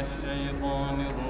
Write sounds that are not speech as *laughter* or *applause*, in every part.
الشيطان الرجيم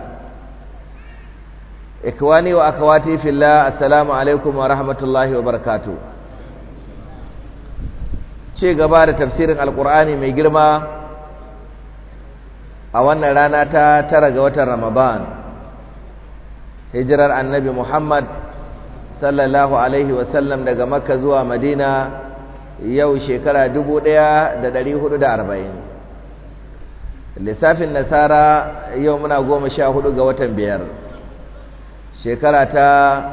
ikwani wa akhawati fillah assalamu alaikum wa rahmatullahi wa barakatuh ce gaba da tafsirin alqur'ani mai girma a wannan rana ta tara ga watan ramadan hijirar annabi muhammad sallallahu alaihi wa sallam daga makka zuwa madina yau shekara 1440 lissafin nasara yau muna goma sha hudu ga watan biyar shekara ta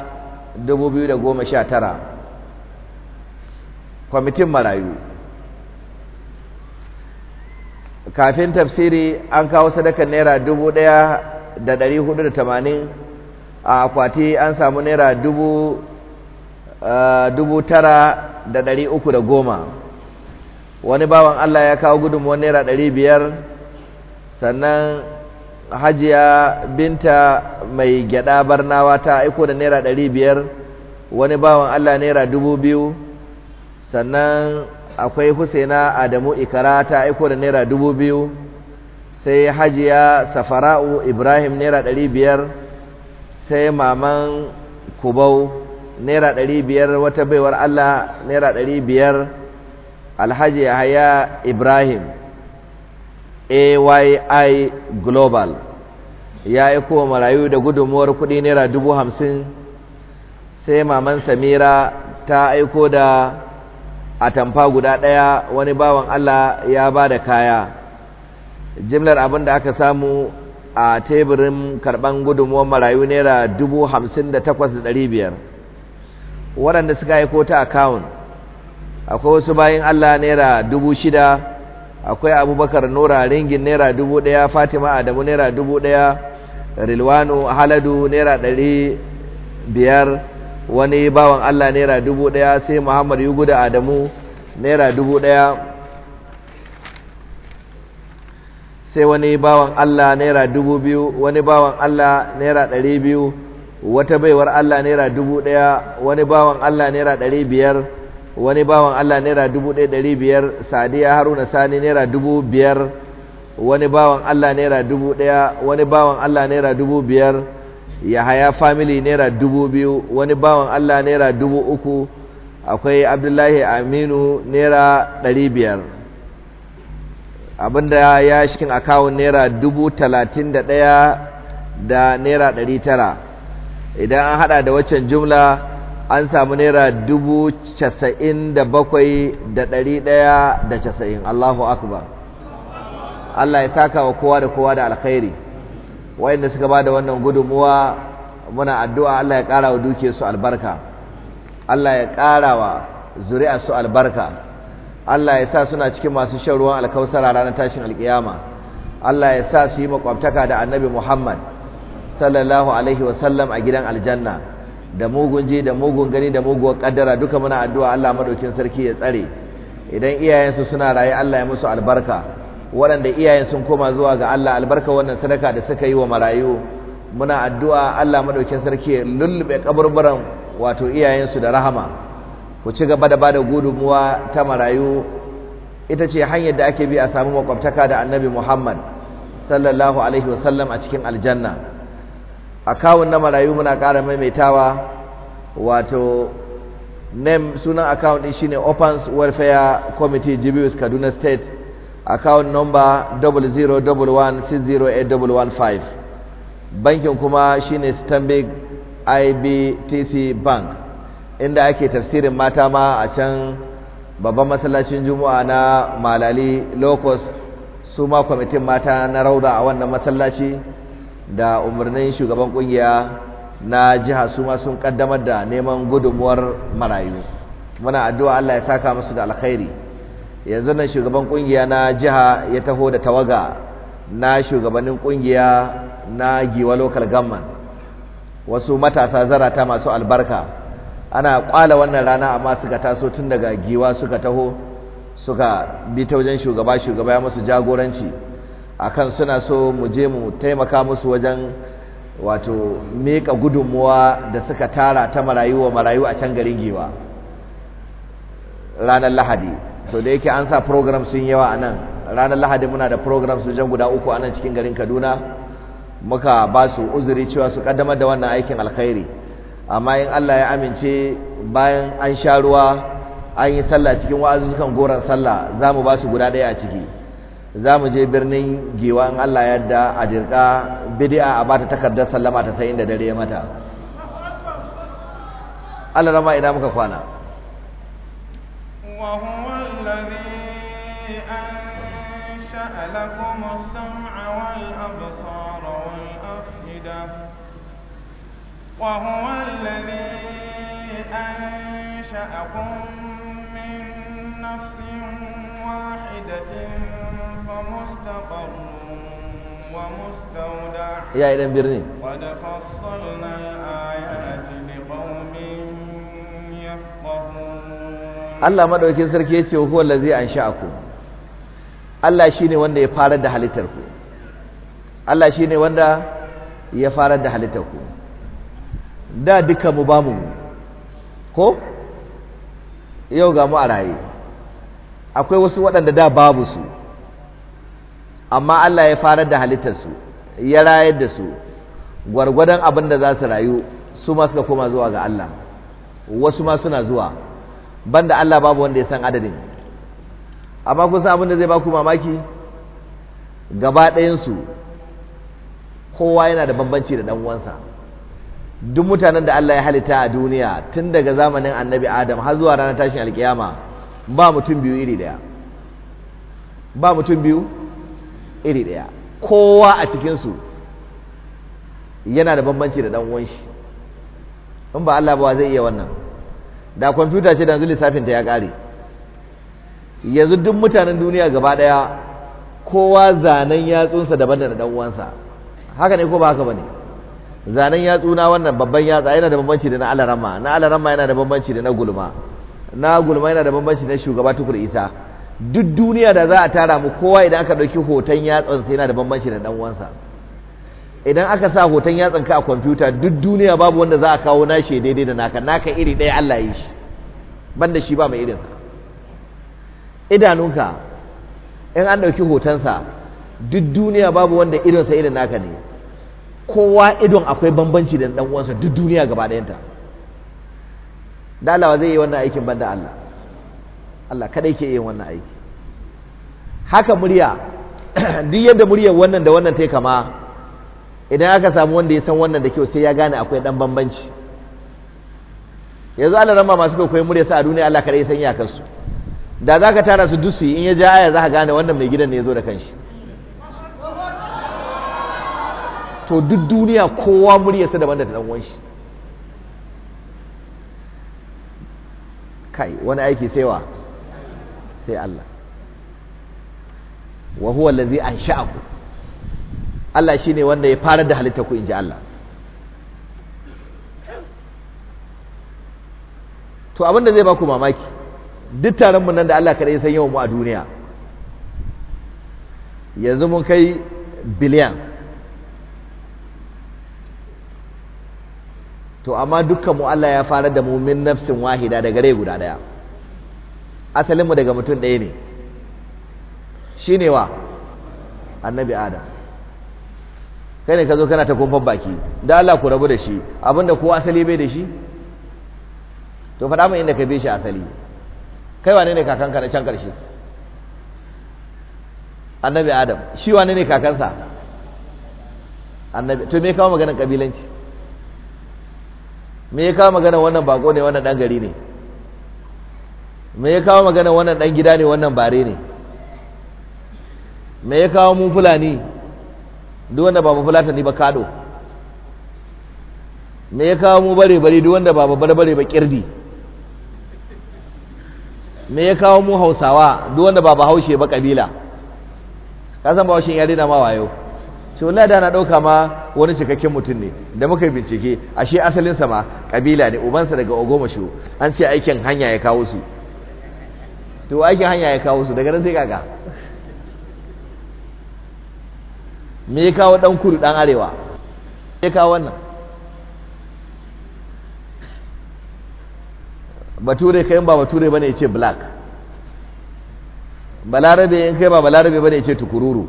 2019 kwamitin marayu kafin tafsiri an kawo sadakar naira dubu ɗaya da ɗari hudu da tamanin a akwati an samu naira eh, dubu tara da ɗari uku da goma wani bawan allah ya kawo wani naira ɗari biyar sannan hajiya binta mai gyada barnawa ta aiko da naira ɗari biyar wani bawan allah naira dubu biyu sannan akwai husaina adamu ikara ta aiko da naira dubu biyu sai hajiya safara'u ibrahim naira ɗari biyar sai maman kubau naira ɗari biyar wata baiwar allah naira ɗari biyar alhaji yahaya ibrahim AYI Global ya aiko kowa marayu da gudunmuwar kuɗi naira dubu hamsin sai maman Samira ta aiko da atamfa guda ɗaya wani bawan Allah ya ba da kaya jimlar abin da aka samu a teburin karban gudunmuwar marayu naira dubu hamsin da takwas da ɗari biyar waɗanda suka aiko ta akawun akwai wasu bayan Allah naira dubu shida akwai abubakar nora ringin naira dubu daya fatima adamu naira dubu daya rilwano haladu naira ɗari biyar wani bawan allah naira dubu daya sai muhammad yugu da adamu naira dubu daya sai wani bawan allah naira dubu biyu wani bawan allah naira ɗari biyu wata baiwar allah naira dubu daya wani bawan allah naira ɗari biyar wani bawan Allah naira dubu ɗaya ɗari biyar sadiya haruna sani naira dubu biyar wani bawan Allah naira dubu ɗaya wani bawan Allah naira dubu biyar yahaya famili naira dubu biyu wani bawan Allah naira dubu uku akwai abdullahi aminu naira ɗari biyar abinda ya shikin akawun naira dubu talatin da ɗaya da naira ɗari tara idan an haɗa da waccan jumla an samu naira dubu casa'in da bakwai da ɗari ɗaya da casa'in Allahu akbar Allah ya saka wa kowa da kowa da alkhairi wayanda suka ba da wannan gudunmuwa muna addu'a Allah ya ƙara wa su albarka Allah ya ƙara wa zuri'a su albarka Allah ya sa suna cikin masu shan ruwan alkausara ranar tashin alkiyama Allah ya sa su yi makwabtaka da annabi Muhammad sallallahu alaihi wasallam a gidan aljanna da mugun ji da mugun gani da muguwar kaddara duka muna addu'a Allah madaukin sarki ya tsare idan iyayensu suna raye Allah ya musu albarka waɗanda iyayen sun koma zuwa ga Allah albarka wannan sadaka da suka yi wa marayu muna addu'a Allah madaukin sarki ya lullube kaburburan wato iyayensu da rahama ku ci gaba da bada gudunmuwa ta marayu ita ce hanyar da ake bi a samu makwabtaka da annabi Muhammad sallallahu alaihi wasallam a cikin aljanna akawun na marayu muna ƙara maimaitawa wato name sunan account din shine open Welfare Committee Jibius Kaduna State account number 0011608115 bankin kuma shine Stanbic IBTC Bank inda ake tafsirin mata ma a can babban masallacin Juma'a na Malali locus su ma kwamitin mata na rauda a wannan masallaci da umarnin shugaban kungiya na jiha su ma sun kaddamar da neman gudunmuwar marayu muna addu'a Allah ya saka musu da alkhairi yanzu nan shugaban kungiya na jiha ya taho da tawaga na shugabannin kungiya na giwa local government wasu matasa zarata masu albarka ana kwala wannan rana amma suka taso tun daga giwa suka taho suka bi ta wajen shugaba shugaba ya musu jagoranci akan suna so mu je mu taimaka musu wajen wato meka gudunmuwa da suka tara ta marayu wa marayu a can garin giwa ranar lahadi so da yake an sa program sun yawa a nan ranar lahadi muna da program su jan guda uku a nan cikin garin kaduna muka ba su uzuri cewa su kaddamar da wannan aikin alkhairi amma in allah ya amince bayan an sha ruwa an yi sallah cikin wa'azuzukan goron sallah za mu ba su guda daya a ciki za mu je birnin giwa in Allah yadda a dirka bidi'a a bata takardar sallama ta sai da dare mata Allah rama ina muka kwana wa huwa alladhi ansha'a lakum as ya ومستودع يا إلى برني قد فصلنا الآيات لقوم يفقهون الله ما Allah shi ne wanda ya farar da halittarku Allah shi ne wanda ya farar da halittarku da duka mu ba mu ko yau ga mu a raye akwai wasu waɗanda da babu su amma Allah ya farar da halittarsu ya rayar da su gwargwadon abin da za su rayu su ma suka koma zuwa ga Allah wasu ma suna zuwa banda Allah babu wanda ya san adadin amma kusa san abin da zai ba ku mamaki gaba ɗayansu kowa yana da bambanci da ɗan uwansa duk mutanen da Allah ya halitta a duniya tun daga zamanin annabi Adam har zuwa ranar tashin alkiyama ba mutum biyu iri daya ba mutum biyu iri ɗaya kowa a cikinsu yana da bambanci da ɗan shi in ba Allah ba zai iya wannan da kwamfuta ce da yanzu lissafinta ya ƙare yanzu duk mutanen duniya gaba ɗaya kowa zanen yatsunsa daban da ɗan uwansa haka ne ko ba haka ba ne zanen yatsuna wannan babban yatsa yana da bambanci da na alarama na alarama yana da bambanci da na gulma na gulma yana da bambanci na shugaba tukur isa duk duniya da za a tara mu kowa idan aka ɗauki hoton yatsansa yana da bambanci da ɗan uwansa idan aka sa hoton yatsan ka a kwamfuta duk duniya babu wanda za a kawo nashi daidai da naka naka iri ɗaya Allah ya shi banda shi ba mai irinsa idanunka in an ɗauki hotonsa duk duniya babu wanda irinsa irin naka ne kowa idon akwai bambanci da ɗan uwansa duk duniya gaba ɗayanta da Allah zai yi wannan aikin banda Allah Allah kadai ke yin wannan aiki haka murya *clears throat* duk yadda muryar wannan da wannan ta kama idan aka samu wanda ya san wannan da kyau sai ya gane akwai dan bambanci yanzu Allah ramma masu kokoi murya sa a duniya Allah kadai ya san iyakarsu da za ka tara su dusu in ya ja aya za gane wannan mai gidan ne ya zo da kanshi to duk duniya kowa murya daban da dan uwan shi kai wani aiki sai wa sai Allah wa huwa allazi ansha'akum Allah shine wanda ya fara da halitta ku inji Allah to abin da zai baku mamaki duk taron mu nan da Allah kada ya san yawan mu a duniya yanzu mun kai billion to amma dukkan mu Allah ya fara da mu min nafsin wahida da rai guda daya asalinmu daga mutum ɗaya ne shi ne wa annabi adam kai ne ka zo kana ta kumfan baki da Allah ku rabu da shi abinda ko asali bai da shi to faɗa min inda ka bi shi asali kai wane ne kakanka na can ƙarshe annabi adam shi wane ne kakansa annabi to me kawo maganar ƙabilanci me ya kawo maganar wannan bako ne wannan ɗan gari ne me ya kawo magana wannan dan gida ne wannan bare ne me ya kawo mu fulani duk wanda ba fulata ne ba kado me ya kawo mu bare bare duk wanda ba ba bare ba kirdi me ya kawo mu hausawa duk wanda ba haushe ba kabila ka san bahaushen yare na ma wayo ce wallahi da na dauka ma wani cikakken mutum ne da muka yi bincike ashe asalin sa ma kabila ne ubansa daga ogoma an ce aikin hanya ya kawo su to aikin hanya ya kawo su daga nan sai kaka me ya kawo dan kudu dan arewa ya kawo wannan bature kai ba bature bane ya ce black balarabe in kai ba balarabe bane ya ce tukururu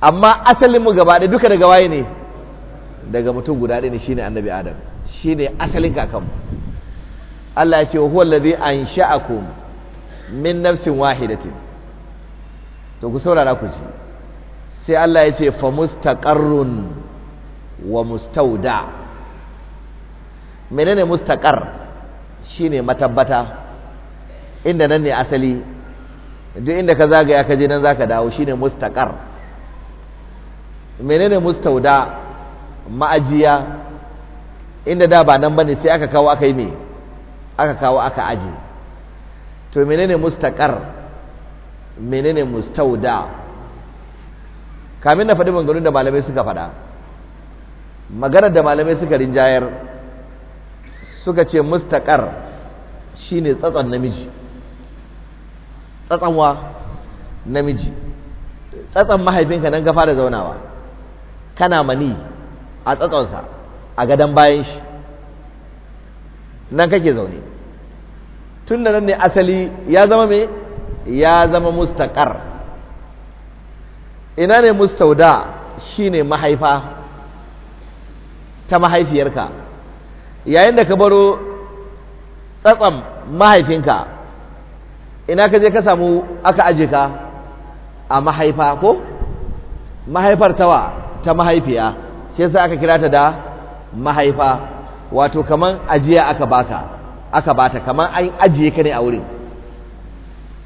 amma asalinmu gaba ɗaya duka daga waye ne daga mutum guda ɗaya ne shine annabi adam shine asalin kakanmu Allah ya ce wa huwa allazi ansha'akum min nafsin wahidatin to ku saurara ku ji sai Allah ya ce fa mustaqarrun wa mustauda menene mustaqar shine matabbata inda nan ne asali duk inda ka zagaya ka je nan zaka dawo shine mustaqar menene mustauda ma'ajiya inda da ba nan bane sai aka kawo aka yi me aka kawo aka aji to menene mustaqar menene mustauda kamin na faɗi maganganun da malamai suka faɗa maganar da malamai suka rinjayar suka ce mustaqar shine tsatsan namiji tsatsanwa namiji tsatsan mahaifinka nan ka fara zaunawa kana mani a tsatsonsa a gadon bayan shi nan kake zaune tun da nan ne asali ya zama me ya zama mustaƙar ina ne mustauda shine mahaifa ta mahaifiyarka yayin da ka baro tsatsam mahaifinka ina ka je ka samu aka aje ka a mahaifa ko mahaifar tawa ta mahaifiya shi yasa aka kira ta da mahaifa wato kaman ajiya aka baka aka bata kamar an ajiye ka ne a wurin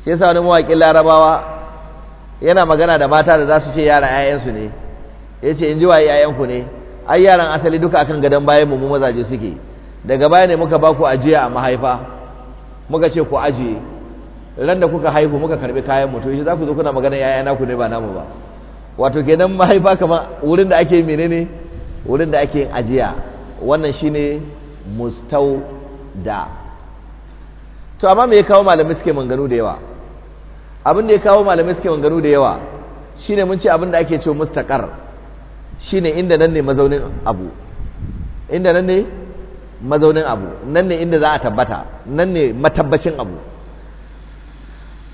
shi yasa wani mawaƙin larabawa yana magana da mata da za su ce yara 'ya'yansu ne ya ce in ji waye 'ya'yanku ne ai yaran asali duka akan gadon bayan mu mazaje suke daga baya ne muka ba ku ajiya a mahaifa muka ce ku ajiye ran da kuka haihu muka karbi kayan mu to shi za ku zo kuna magana 'ya'yana ku ne ba namu ba wato kenan mahaifa kamar wurin da ake menene wurin da ake ajiya wannan shine mustau da to amma me ya kawo malamai suke manganu da yawa abin da ya kawo malamai suke manganu da yawa shine mun ce abin da ake ce mustaqar shine inda nan ne mazaunin abu inda nan ne mazaunin abu nan ne inda za a tabbata nan ne matabbacin abu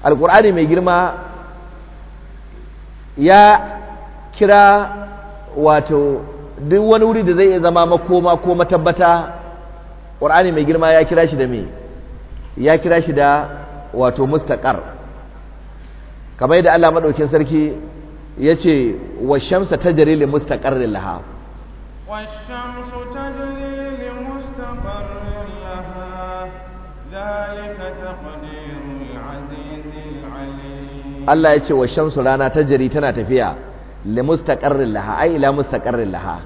alkur'ani mai girma ya kira wato duk wani wuri da zai iya zama makoma ko matabbata ƙwar'ani mai girma ya kira shi da mai ya kira shi da wato mustaqar kamar yadda Allah madaukin sarki ce wa shamsa tajri li mustaqarrin laha wa shamsu tajri li mustaqarrin laha zalika ya ce alim wa shamsu rana tajri tana tafiya li mustaqarrin laha ai ila mustaqarrin laha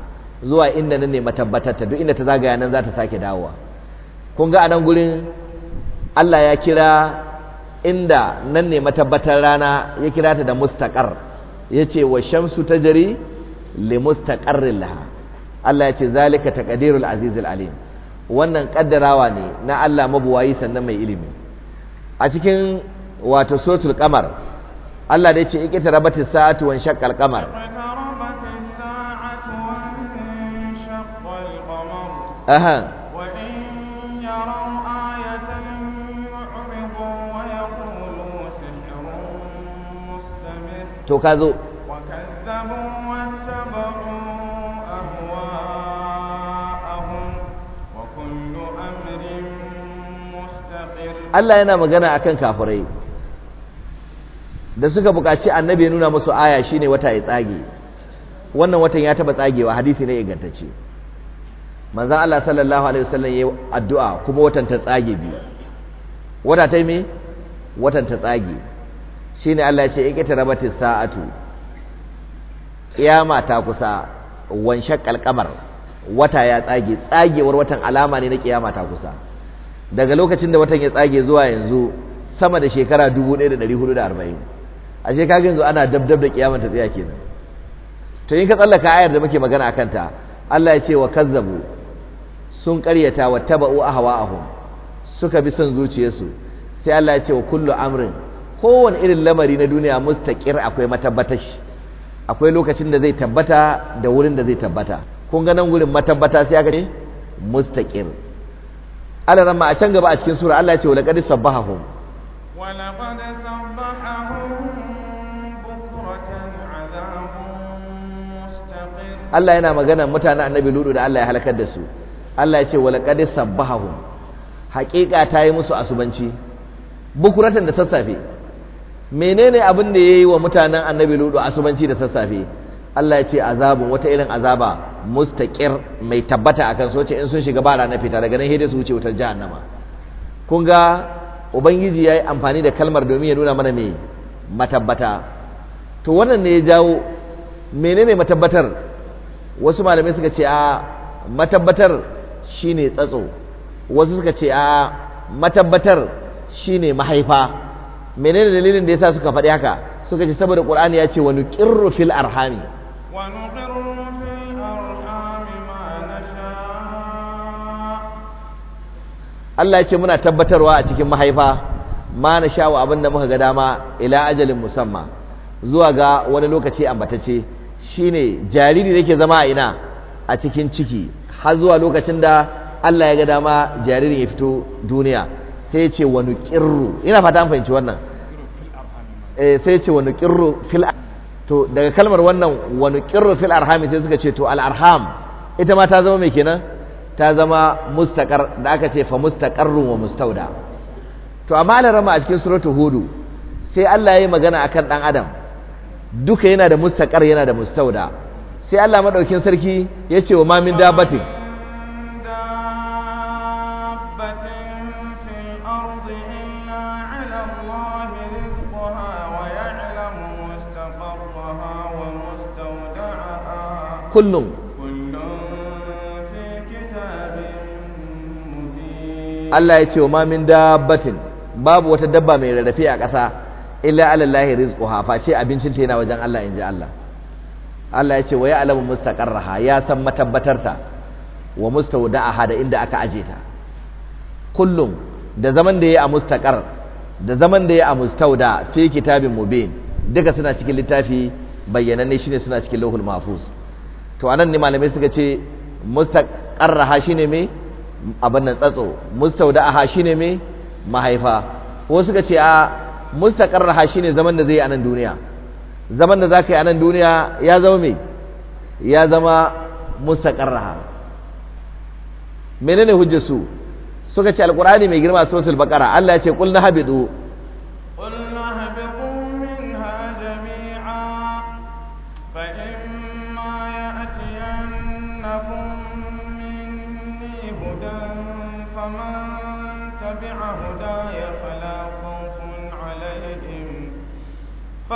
zuwa inda nan ne matabbatar ta duk inda ta zagaya nan za ta sake dawowa kun ga anan gurin Allah ya kira inda nan ne matabbatar rana ya kira ta da ya ce wa shamsu jari li mustaƙar laha Allah ya ce zalika ta ƙadirul azizul alim wannan ƙaddarawa ne na Allah mabuwayi sannan mai ilimi a cikin wato sotul kamar Allah da ce ikita rabata sa'atu wan shaqqal qamar aha to ka zo Allah yana magana akan kafirai da suka buƙaci annabi ya nuna musu aya shine wata ya tsage wannan watan ya taba tsagewa hadisi ne ingantacce manzon Allah sallallahu alaihi wasallam yayi addu'a kuma watan ta tsage biyu wata ta yi me watan ta tsage Shi ne Allah ce ce ikita rabatin sa'atu ƙiyama ta kusa wansha kalkamar wata ya tsage tsagewar watan alama ne na kiyama ta kusa daga lokacin da watan ya tsage zuwa yanzu sama da shekara 1440 a kaga yanzu ana dabdab da kiyama ta tsaya kenan to in ka tsallaka ayar da muke magana akan ta Allah ya ce wa kazzabu sun karyata wa taba'u ahwa'ahum suka bi son zuciyarsu sai Allah ya ce wa kullu amrin kowane irin lamari na duniya mustaƙir akwai matabbatar shi akwai lokacin da zai tabbata da wurin da zai tabbata kun ga nan gurin matabbata sai aka ce mustaqir Allah ran a can gaba a cikin sura Allah ya ce walaqad sabbahahum sabba sabbahahum Allah yana magana mutanen Annabi Ludu da Allah ya halakar da su Allah ya ce sabba sabbahahum haƙiƙa ta yi musu asubanci bukuratan da sassafe menene abin da ya yi wa mutanen annabi ludu asubanci da sassafe Allah ya ce azabu wata irin azaba mustaqir mai tabbata akan kan in sun shiga ba rana fita daga nan hede su wuce wutar jahannama kun ga ubangiji yayi amfani da kalmar domin ya nuna mana mai matabbata to wannan ne ya jawo menene matabbatar wasu malamai suka ce a matabbatar shine tsatso wasu suka ce a matabbatar shine mahaifa menene dalilin da yasa suka faɗi haka suka ce saboda qur'ani ya ce wa nuqirru fil arhami wa nuqirru fil arhami ma nasha Allah ya ce muna tabbatarwa a cikin mahaifa ma nasha wa abinda muka ga dama ila ajalin musamma zuwa ga wani lokaci ambatacce shine jariri da yake zama a ina a cikin ciki har zuwa lokacin da Allah ya ga dama jaririn ya fito duniya sai ce wa nuqirru ina fata an fahimci wannan eh, sai ce wa nuqirru fil to daga kalmar wannan wani nuqirru fil arham sai suka ce to al ita ma ta zama mai kenan ta zama mustaqar da aka ce fa mustaqarru wa mustauda to amma rama a cikin suratul hudu sai Allah ya yi magana akan dan adam duka yana da mustaqar yana da mustauda sai Allah madaukin sarki ya ce wa ma min dabatin كل Allah ya ce wa mamin dabbatin babu wata dabba mai rarrafe a ƙasa illa alallahi rizquha ce abincin ta yana wajen Allah inji Allah Allah ya ce wa alamu mustaqarraha ya san matabbatar ta wa mustawda'aha da inda aka aje ta kullum da zaman da yayi a mustaqar da zaman da yayi a mustawda fi kitabin mubin duka suna cikin littafi bayyananne shine suna cikin lauhul mahfuz to anan ne malamai suka ce mustaqarraha shine me abin nan tsatso mustaudaha shine me mahaifa ko suka ce a mustaqarraha shine zaman da zai yi anan duniya zaman da zaka yi anan duniya ya zama me ya zama mustaqarraha menene hujjar su suka ce alqur'ani mai girma suratul baqara Allah ya ce qul nahbidu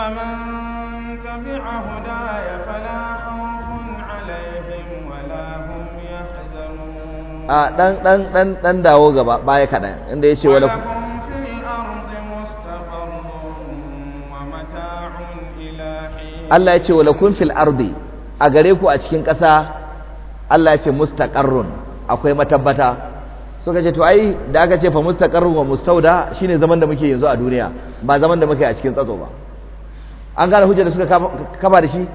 فمن تبع هداي فلا خوف عليهم ولا هم يحزنون آه دان دان دان داو غبا باي inda yace wala Allah ya ce wa lakum fil ardi a gare ku a cikin ƙasa Allah ya ce mustaqarrun akwai matabbata so ce to ai da aka ce fa mustaqarrun wa mustauda shine zaman da muke yanzu a duniya ba zaman da muke a cikin tsatso ba an gane hujjar da suka kama da shi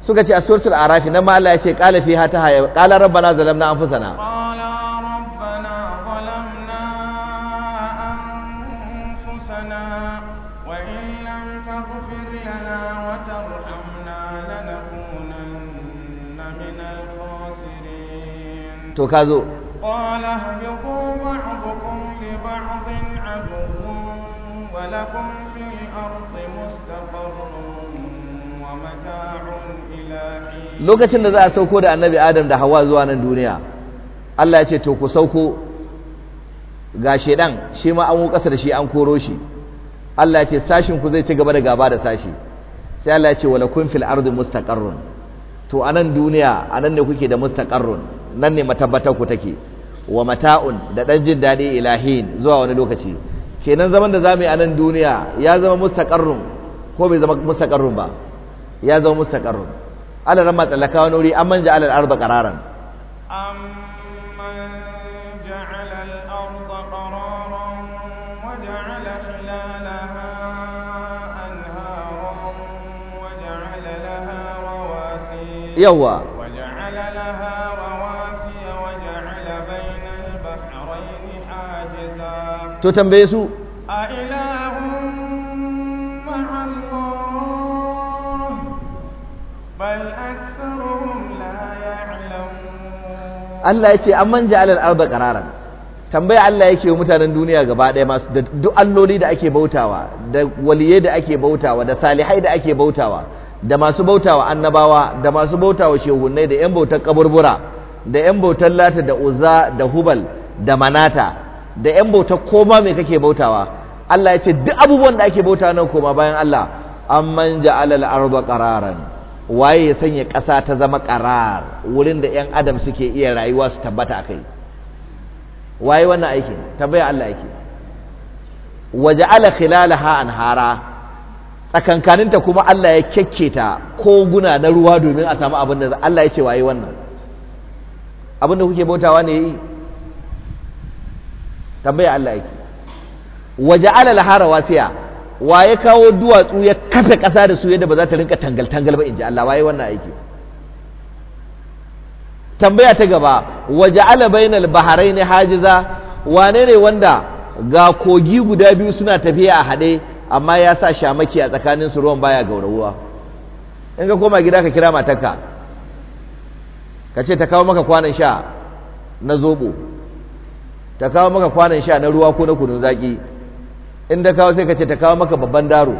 suka ce a suratul arafi na ma ya ce qala fiha ta haya qala rabbana zalamna anfusana qala rabbana zalamna to kazo qala habiqu ba'dukum li ba'din aduwwun wa lakum fi lokacin da za a sauko da annabi Adam da hawa zuwa nan duniya Allah ya ce to ku sauko ga shedan shi ma an wuka da shi an koro shi Allah ya ce sashin ku zai ci gaba da gaba da sashi sai Allah ya ce wala kun fil ardi mustaqarrun to anan duniya anan ne kuke da mustaqarrun nan ne matabbata ku take wa mata'un da dan jin dadi ilahin zuwa wani lokaci kenan zaman da zamu yi a nan duniya ya zama mustaqarrun ko bai zama mustaqarrun ba ya zama mustaqarrun ala ramma talaka wani wuri amman ja'ala al-ardha qararan amman ja'ala al qararan wa ja'ala khilalaha wa ja'ala laha to tambaye su a Allah ya ce an manja alal arda kararan tambaya Allah yake wa mutanen duniya gaba ɗaya masu da duk alloli da ake bautawa da waliyai da ake bautawa da salihai da ake bautawa da masu bautawa annabawa da masu bautawa shehunnai da yan bautar kaburbura da yan bautar lata da uza da hubal da manata da yan bauta koma me kake bautawa Allah ya ce duk abubuwan da ake bauta nan koma bayan Allah amman ja'ala al-ardha qararan waye ya sanya ƙasa ta zama qarar wurin da yan adam suke iya rayuwa su tabbata akai waye wannan aikin tabbaya Allah yake waja'ala khilalaha anhara tsakankaninta kuma Allah ya kyakketa koguna na ruwa domin a samu abin da Allah ya ce waye wannan abin da kuke bautawa ne yi tambaya Allah yake waje alal hara wasiya wa ya kawo duwatsu ya kasa ƙasa da su yadda ba za ta rinka tangal tangal ba in Allah waye wannan aiki tambaya ta gaba waje ala bainal baharai hajiza wane ne wanda ga kogi guda biyu suna tafiya a haɗe amma ya sa shamaki a tsakanin su ruwan baya gaurawa in ka koma gida ka kira matarka ka ce ta kawo maka kwanan sha na zobo ta kawo maka kwanan sha na ruwa ko na kunun zaki inda kawo sai ka ce ta kawo maka babban daro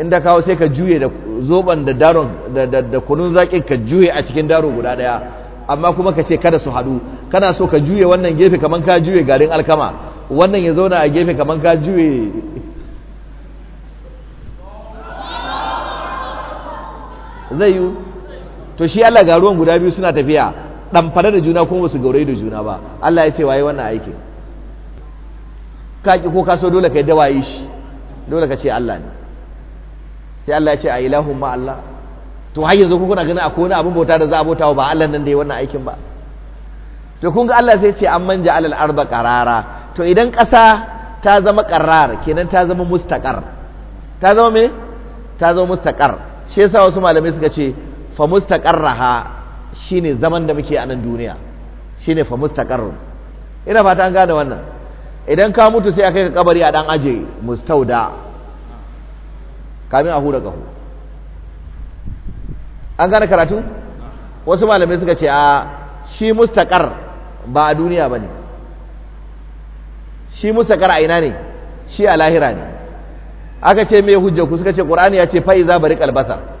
inda kawo sai ka juye da zoban da daron da kunun zaki ka juye a cikin daro guda daya amma kuma ka ce kada su haɗu kana so ka juye wannan gefe kaman ka juye garin alkama wannan ya zauna a gefe kaman ka juye zai yi to shi Allah ga ruwan guda biyu suna tafiya ɗamfare da juna kuma su gaurayi da juna ba Allah ya ce waye wannan aikin kaki ko ka so dole ka yi dawaye shi dole ka ce Allah ne sai Allah ya ce a ilahun ma Allah to har yanzu kuna ganin akwai wani abin bauta da za a bauta ba Allah nan da ya wannan aikin ba to kun ga Allah sai ce an manja alal arba qarara to idan ƙasa ta zama qarar kenan ta zama mustaqar ta zama me ta zama mustaqar shi yasa wasu malamai suka ce fa mustaqarraha shine zaman da muke a nan duniya shine fa mustaqarr ina fata an gane wannan idan ka mutu sai akai ka kabari a dan aje mustauda kamin a hura kaho an gane karatu wasu malamai suka ce a shi mustaqarr ba a duniya bane shi mustaqarr a ina ne shi a lahira ne aka ce me hujja ku suka ce qur'ani ya ce fa iza bari kalbasa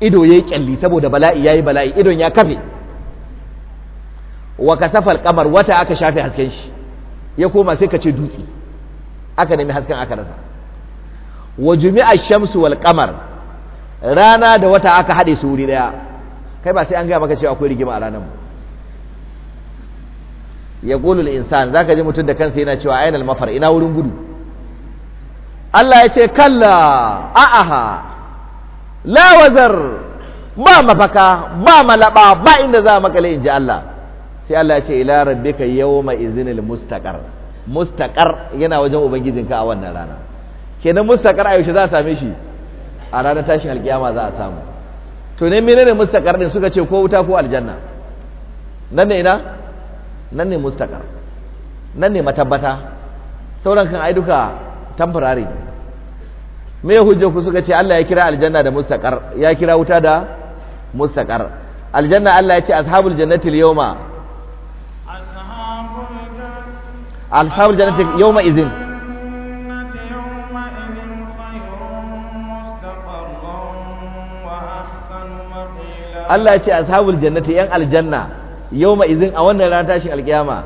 ido yayi kyalli saboda bala'i yayi bala'i idon ya kafe wa kasafa alqamar wata aka shafe hasken shi ya koma sai ka ce dutse aka nemi hasken aka rasa wa jumi'a shamsu wal qamar rana da wata aka hade su wuri daya kai ba sai an gaya maka cewa akwai rigima a ranar mu ya gulu al insan zaka ji mutum da kansa yana cewa ainal mafar ina wurin gudu Allah ya ce kalla a'aha lawazar ba mafaka ba malaba ba inda za makale in ji Allah sai Allah ya ce ila rabbika yawma izinil mustaqar mustaqar yana wajen ubangijinka a wannan rana kenan mustaqar a yaushe za a same shi a ranar tashin alkiyama za a samu to ne menene mustaqar din suka ce ko wuta ko aljanna nan ne ina nan ne mustaqar nan ne matabbata sauran kan ai duka temporary me hujjar ku suka ce Allah ya kira aljanna da mustaqar ya kira wuta da mustaqar aljanna Allah ya ce ashabul jannati al-yawma ashabul jannati yawma idhin Allah ya ce ashabul jannati yan aljanna yawma idhin a wannan ranar tashin alkiyama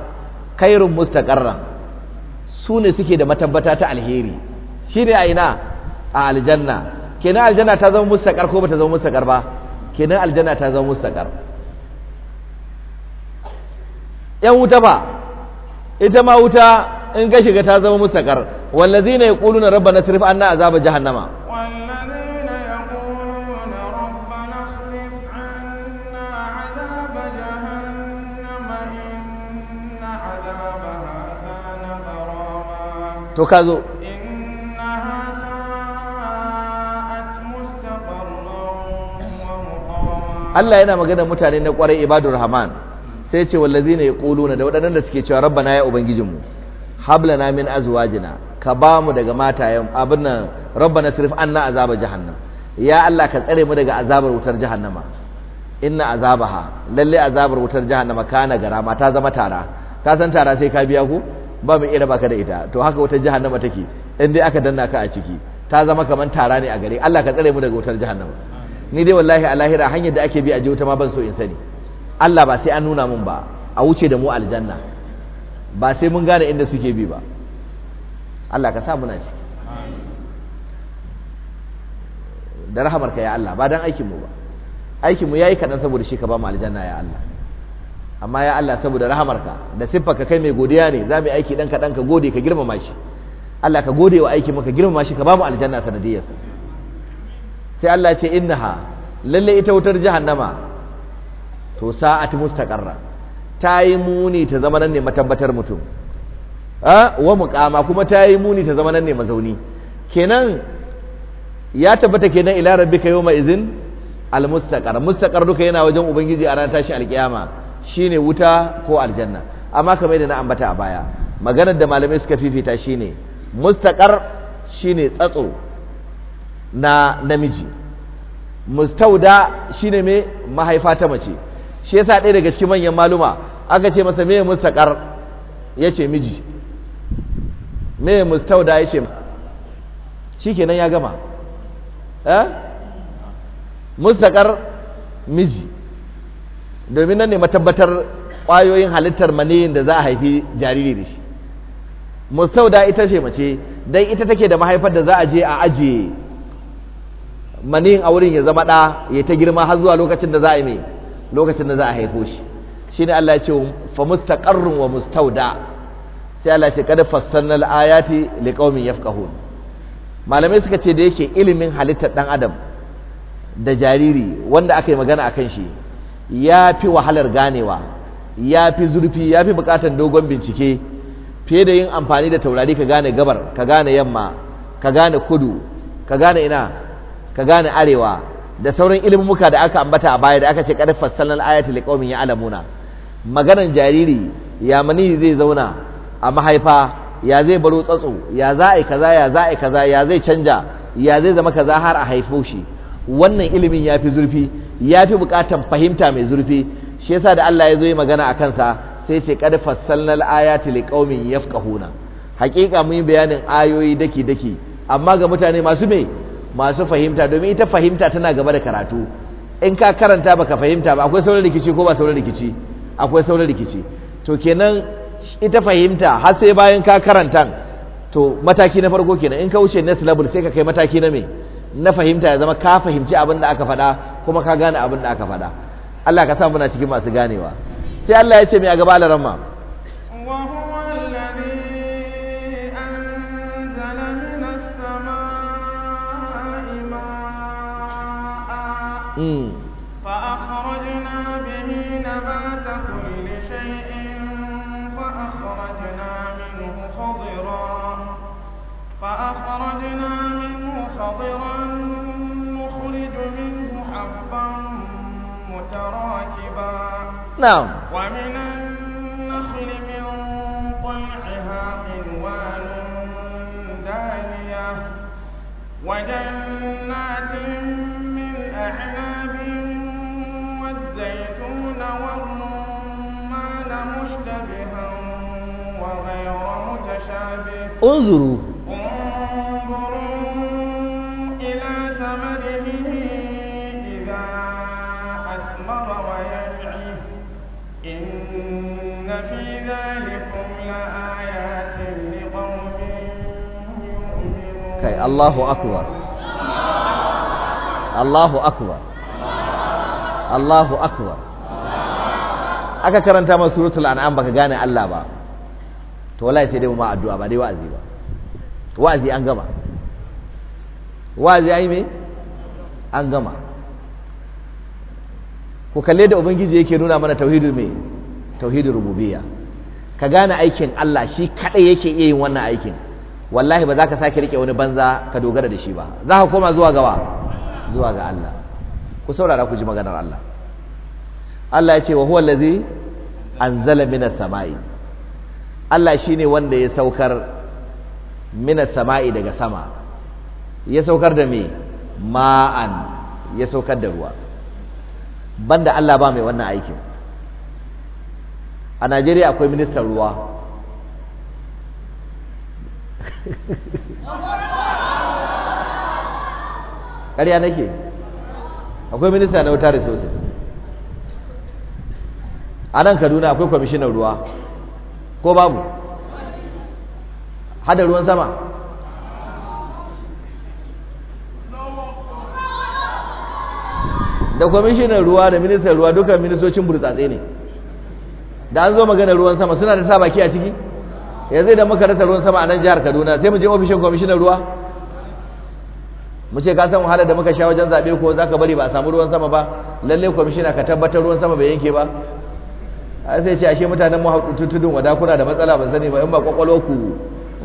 khairun mustaqarra su ne suke da matabbata ta alheri shine a ina a aljanna kenan aljanna ta zama mustaqar ko bata zama mustaqar ba kenan aljanna ta zama mustaqar yan wuta ba ita ma wuta in ka shiga ta zama mustaqar wallazina yaquluna rabbana sirif na azaba jahannama to ka zo Allah yana magana mutane na kwarai ibadur rahman sai ce wallazina na da waɗannan da suke cewa rabbana ya ubangijinmu hablana min azwajina ka ba mu daga matayen abin nan rabbana sirif anna azaba jahannam ya Allah ka tsare mu daga azabar wutar jahannama inna azabaha lalle azabar wutar jahannama kana gara ma ta zama tara ka san tara sai ka biya ku ba mu baka da ita to haka wutar jahannama take in dai aka danna ka a ciki ta zama kamar tara ne a gare Allah ka tsare mu daga wutar jahannama ni dai wallahi a lahira hanyar da ake bi a ji wuta ma ban so in sani Allah ba sai an nuna mun ba a wuce da mu aljanna ba sai mun gane inda suke bi ba Allah ka sa muna ciki da rahamarka ya Allah ba dan aikin mu ba aikin mu yayi kadan saboda shi ka ba mu aljanna ya Allah amma ya Allah saboda rahamarka da ka kai mai godiya ne za mu aiki dan kadan ka gode ka girmama shi Allah ka gode wa aikin mu ka girmama shi ka ba mu aljanna sanadiyarsa sai Allah ce innaha lalle ita wutar jahannama to sa'at mustaqarra ta yi muni ta zama nan ne matabbatar mutum a wa muqama kuma ta yi muni ta zama nan ne mazauni kenan ya tabbata kenan ila rabbika yawma izin al mustaqar mustaqar duka yana wajen ubangiji a ranar tashi alkiyama shine wuta ko aljanna amma kamar yadda na ambata a baya maganar da malamai suka fifita shine mustaqar shine tsatso na namiji mustauda shine mai mahaifa ta mace shi yasa ɗaya daga cikin manyan maluma aka ce masa me mustaqar yace miji me mustauda yace kenan ya gama eh mustaqar miji domin nan ne matabbatar ƙwayoyin halittar maniyin da za a haifi jariri da shi mustauda ita ce mace dan ita take da mahaifar da za a je a ajiye maniyin a wurin ya zama ɗa ya ta girma har zuwa lokacin da za a yi mai lokacin da za a haifo shi shi ne Allah ya ce fa mustaqarrun wa mustauda sai Allah ya ce kada fassalna al-ayati liqaumin yafqahun malamai suka ce da yake ilimin halittar dan adam da jariri wanda aka yi magana akan shi ya fi wahalar ganewa ya fi zurfi ya fi bukatar dogon bincike fiye da yin amfani da taurari ka gane gabar ka gane yamma ka gane kudu ka gane ina ka gane arewa da sauran ilimin muka da aka ambata a baya da aka ce kada fassalnal ayati ya alamuna. maganan jariri ya mani zai zauna a mahaifa ya zai baro tsatso ya za a kaza ya za kaza ya zai canja ya zai zama kaza har a haifo shi wannan ilimin ya fi zurfi ya fi bukatan fahimta mai zurfi shi yasa da Allah ya zo yi magana a kansa sai ce kada fassalnal ayati liqaumin yafqahuna hakika mun bayanin ayoyi daki daki amma ga mutane masu me masu fahimta domin ita fahimta tana gaba da karatu in ka karanta baka fahimta ba akwai sauran rikici ko ba saurin rikici akwai sauran rikici to kenan ita fahimta har sai bayan ka karanta to mataki na farko kenan in ka wuce next level sai ka kai mataki na me na fahimta ya zama ka fahimci abin da aka faɗa kuma ka gane abin da aka faɗa Allah ka sa muna cikin masu ganewa sai Allah ya ce mai a gaba laramma فأخرجنا به نبات كل شيء فأخرجنا منه خضرا فأخرجنا منه خضرا نخرج منه حبا متراكبا نعم ومن النخل من طلعها قنوان دانية وجنات والزيتون والرمان مشتبها وغير متشابه انظروا انظروا إلى ثمره إذا أثمر وينعي إن في ذلكم لآيات لقوم يؤمنون الله أكبر الله أكبر Allahu akbar aka karanta masu rutul an'am baka gane Allah ba to wallahi sai dai mu ma addu'a ba dai wa'azi ba wa'azi an gama wa'azi ai me an gama ku kalle da ubangiji yake nuna mana tauhidul me tauhidul rububiyya ka gane aikin Allah shi kadai yake iya yin wannan aikin wallahi ba za ka sake rike wani banza ka dogara da shi ba za ka koma zuwa gawa zuwa ga Allah ku saurara ku ji maganar Allah Allah ya ce wa huwa allazi anzala minas sama'i Allah shine wanda ya saukar minas sama'i daga sama ya saukar da me ma'an ya saukar da ruwa banda Allah ba mai wannan aikin a Najeriya akwai ministan ruwa *laughs* ƙarya nake akwai minista na water resources a nan kaduna akwai kwamishinan ruwa ko babu hada ruwan sama da kwamishinan ruwa da ministan ruwa dukkan ministocin burtsatse ne da an zo magana ruwan sama suna da sa baki a ciki yanzu idan muka rasa ruwan sama a nan jihar kaduna sai mu je ofishin kwamishinan ruwa mu ce ka san wahalar da muka sha wajen zaɓe ko za ka bari ba a samu ruwan sama ba lalle kwamishina ka tabbatar ruwan sama bai yanke ba a sai ce ashe mutanen mu tudun wada kuna da matsala ban sani ba in ba kwakwalwa ku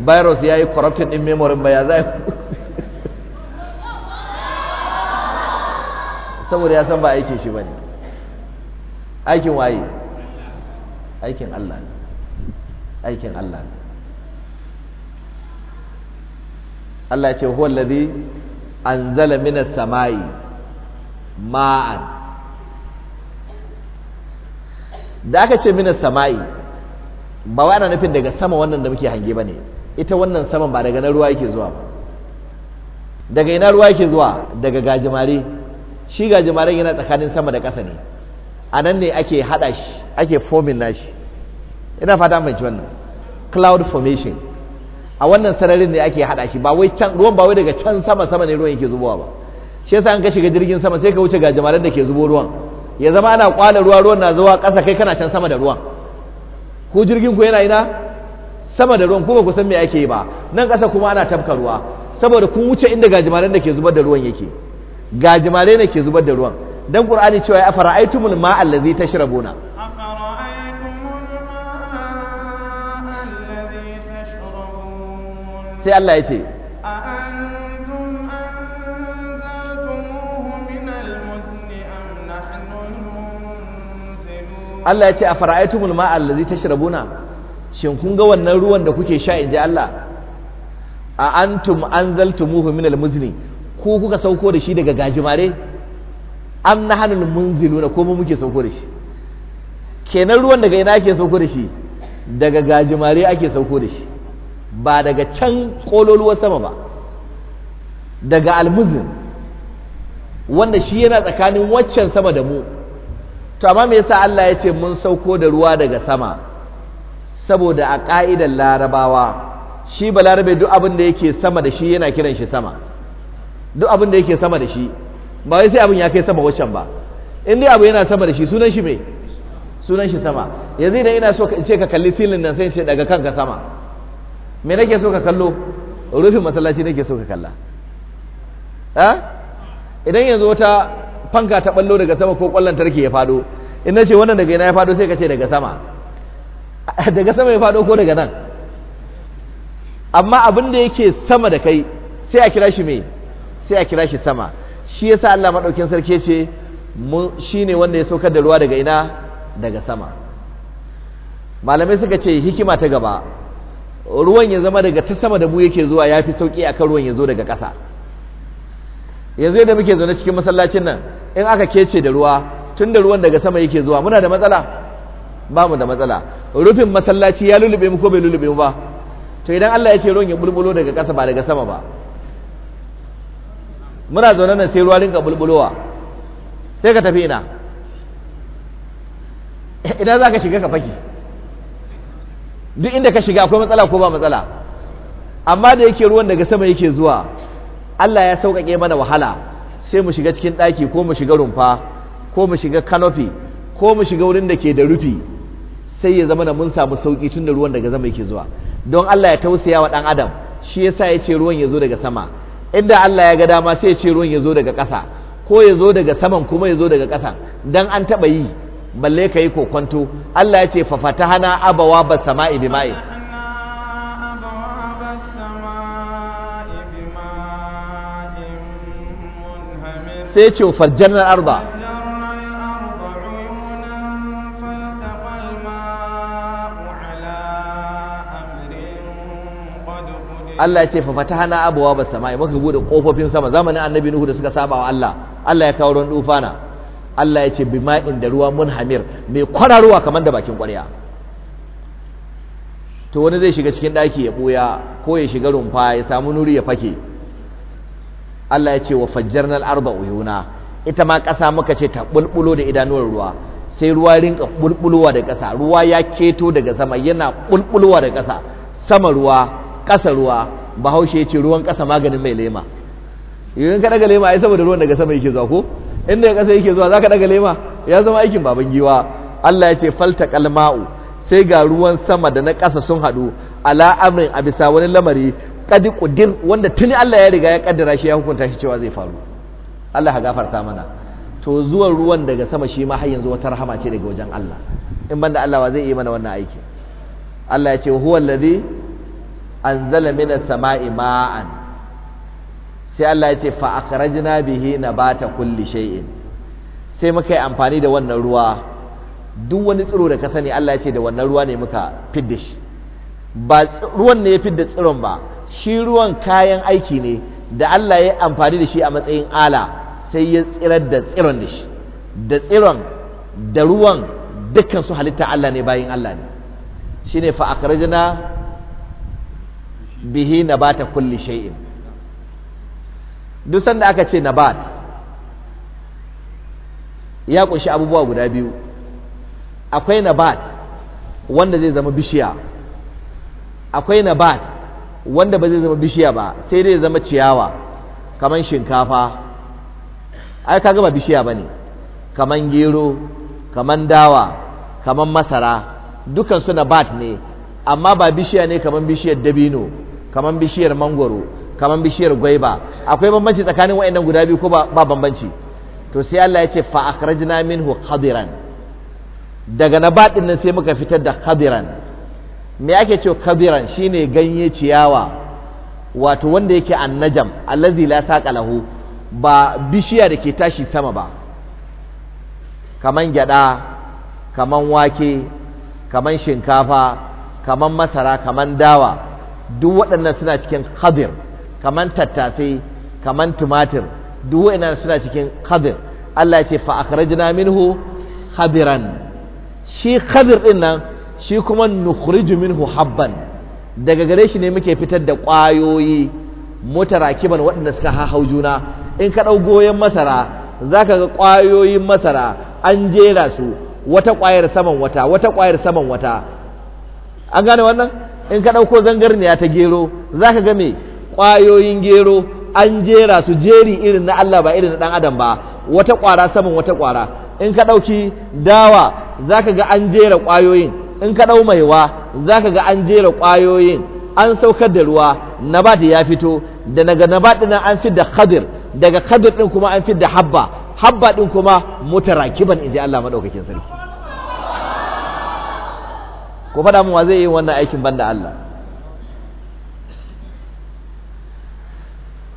virus ya yi corrupted din memory ba ya zai *laughs* saboda ya san ba aikin shi ba ne aikin waye aikin Allah ne aikin Allah ne Allah ya ce huwa alladhi anzala minas sama'i ma'an da aka ce minas sama'i ba wa ana nufin daga sama wannan da muke hange ba ne ita wannan saman ba daga na ruwa yake zuwa ba daga ina ruwa yake zuwa daga gajimare shi gajimaren yana tsakanin sama da ƙasa ne a nan ne ake haɗa shi ake fomin nashi ina fata mai wannan cloud formation a wannan sararin ne ake hada shi ba wai can ruwan ba wai daga can sama sama ne ruwan yake zubowa ba shi yasa an ka shiga jirgin sama sai ka wuce ga jamalan da ke zubo ruwan ya zama ana kwala ruwa ruwan na zuwa ƙasa kai kana can sama da ruwan ko jirgin ku yana ina sama da ruwan kuma ku san me ake yi ba nan ƙasa kuma ana tafka ruwa saboda kun wuce inda gajimaren da ke zubar da ruwan yake gajimare ne ke zubar da ruwan dan qur'ani cewa ya afara'aytumul ma'a allazi tashrabuna sai Allah ya ce Allah ya ce a fara'aitumul ma'a allazi tashrabuna shin kun ga wannan ruwan da kuke sha in ji Allah a an an anzaltumuhu minal muzni ko kuka sauko da shi daga gajimare am hannun munziluna ko mu muke sauko da shi kenan ruwan daga ina ake sauko da shi daga gajimare ake sauko da shi ba daga can kololuwar sama ba daga almuzin wanda shi yana tsakanin waccan sama da mu to amma me yasa Allah ya ce mun sauko da ruwa daga sama saboda a ƙa'idar larabawa shi ba larabe duk abin da yake sama da shi yana kiran shi sama duk abin da yake sama da shi ba wai sai abin ya kai sama waccan ba in dai abu yana sama da shi sunan shi me sunan shi sama yanzu idan ina so in ce ka kalli silin nan sai ce daga kanka sama me nake so ka kallo rufin masallaci nake so ka kalla idan yanzu wata fanka ta ballo daga sama ko kwallon tarki ya fado in ce wannan daga ina ya fado sai ka ce daga sama *laughs* daga sama ya fado ko daga nan amma abin da yake sama da kai sai a kira shi me sai a kira shi sama shi yasa Allah madaukin sarki ce shine wanda ya saukar da ruwa daga ina daga sama malamai suka ce hikima ta gaba ruwan ya zama daga ta sama da mu yake zuwa ya fi sauƙi a kan ruwan ya zo daga ƙasa yanzu yadda muke zaune cikin masallacin nan in aka kece da ruwa tun da ruwan daga sama yake zuwa muna da matsala ba mu da matsala rufin masallaci ya lulube mu ko bai lulube mu ba to idan Allah ya ce ruwan ya bulbulo daga ƙasa ba daga sama ba muna zaune nan sai ruwa rinka bulbulowa sai ka tafi ina idan za ka shiga ka faki duk inda ka shiga akwai matsala ko ba matsala amma da yake ruwan daga sama yake zuwa Allah ya sauƙaƙe mana wahala sai mu shiga cikin ɗaki ko mu shiga rumfa ko mu shiga kanofi ko mu shiga wurin da ke da rufi sai ya zama da mun samu sauƙi tun da ruwan daga sama yake zuwa don Allah ya tausaya wa ɗan adam shi yasa ya ce ruwan ya zo daga sama inda Allah ya ga dama sai ya ce ruwan ya zo daga ƙasa ko ya zo daga saman kuma ya zo daga ƙasa dan an taɓa yi balle ka yi kokonto Allah ya ce fa fatahana abawa sama sama'i mai sai ce farjannar arba Allah ya ce fa fatahana abawa bas sama'i muka bude kofofin sama zamanin annabi Nuhu da suka saba wa Allah Allah ya kawo ruwan dufana Allah ya ce bima'in da ruwa mun hamir mai ruwa kamar da bakin kwarya to wani zai shiga cikin daki ya boya ko ya shiga rumfa ya samu nuri ya fake Allah ya ce wa fajjarnal arba uyuna ita ma ƙasa muka ce ta bulbulo da idanuwar ruwa sai ruwa rinka bulbulowa da ƙasa ruwa ya keto daga sama yana bulbulowa da ƙasa sama ruwa ƙasa ruwa bahaushe ya ce ruwan ƙasa maganin mai lema yanzu ka daga lema ai saboda ruwan daga sama yake zuwa ko inda ya kasa yake zuwa zaka daga lema ya zama aikin baban giwa Allah ya ce falta kalma'u sai ga ruwan sama da na kasa sun haɗu ala amrin a bisa wani lamari kadi kudin wanda tuni Allah ya riga ya kaddara shi ya hukunta shi cewa zai faru Allah ya gafarta mana to zuwan ruwan daga sama shi ma har yanzu wata rahama ce daga wajen Allah in banda Allah wa zai yi mana wannan aiki Allah ya ce huwa allazi anzala minas sama'i ma'an sai Allah ya ce fa akhrajna bihi nabata kulli shay'in sai muka yi amfani da wannan ruwa duk wani tsiro da ka sani Allah ya ce da wannan ruwa ne muka fidda shi ba ruwan ne ya fidda tsiron ba shi ruwan kayan aiki ne da Allah ya amfani da shi a matsayin ala sai ya tsirar da tsiron da shi da tsiron da ruwan dukkan su halitta Allah ne bayan Allah ne shine fa akhrajna bihi nabata kulli shay'in duk sanda aka ce nabat ya kunshi abubuwa guda biyu akwai nabat wanda zai zama bishiya akwai nabat wanda ba zai zama bishiya ba sai dai zama ciyawa kamar shinkafa ai kaga ba bishiya bane kamar gero kaman dawa kaman masara dukan su nabat ne amma ba bishiya ne kaman bishiyar dabino kaman bishiyar mangoro. kamar bishiyar gwaiba akwai bambanci tsakanin wa'annan guda biyu ko ba bambanci to sai Allah ya ce fa akhrajna minhu khadiran daga na nabadin nan sai muka fitar da khadiran me ake ce khadiran shine ganye ciyawa wato wanda yake annajam allazi la saqa lahu ba bishiya da ke tashi sama ba kaman gyada kaman wake kaman shinkafa kaman masara kaman dawa duk waɗannan suna cikin khadir kaman tattasai kaman tumatir duk wa'annan suna cikin khabir Allah ya ce fa akhrajna minhu khabiran shi khabir din nan shi kuma nukhriju minhu habban daga gare shi ne muke fitar da ƙwayoyi mutarakiban waɗanda suka hahau juna in ka ɗau goyon masara zaka ga ƙwayoyin masara an jera su wata ƙwayar saman wata wata ƙwayar saman wata an gane wannan in ka ɗauko zangarniya ta gero zaka ga me ƙwayoyin gero an jera su jeri irin na Allah ba irin na ɗan adam ba wata ƙwara saman wata ƙwara in ka ɗauki dawa za ka ga an jera ƙwayoyin in ka ɗau maiwa za ka ga an jera ƙwayoyin an saukar da ruwa nabat ya fito da daga nabat ɗin an fi da khadir daga khadir ɗin kuma an fi da habba habba ɗin kuma mota mutarakiban in ji Allah maɗaukakin sarki ku faɗa min wa zai yi wannan aikin banda Allah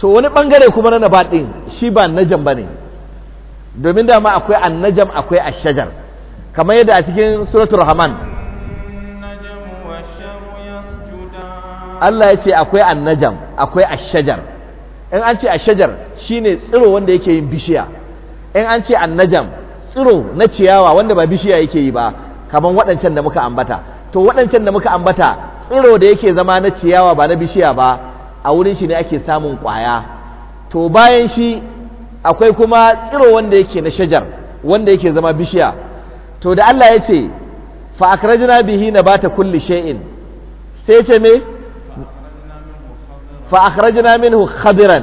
to wani bangare kuma na nabaɗin shi ba najam ba ne domin dama akwai annajam akwai ashajar kamar yadda a cikin suratu rahman Allah ya ce akwai annajam akwai ashajar in an ce ashajar shine tsiro wanda yake yin bishiya in an ce annajam tsiro na ciyawa wanda ba bishiya yake yi ba kamar waɗancan da muka ambata to waɗancan da muka ambata tsiro da yake zama na ciyawa ba na bishiya ba a wurin shi ne ake samun kwaya? to bayan shi akwai kuma tsiro wanda yake na shajar wanda yake zama bishiya to da Allah ya ce fa akrajna bihi nabata kulli shay'in sai ya ce me fa akrajna minhu khadiran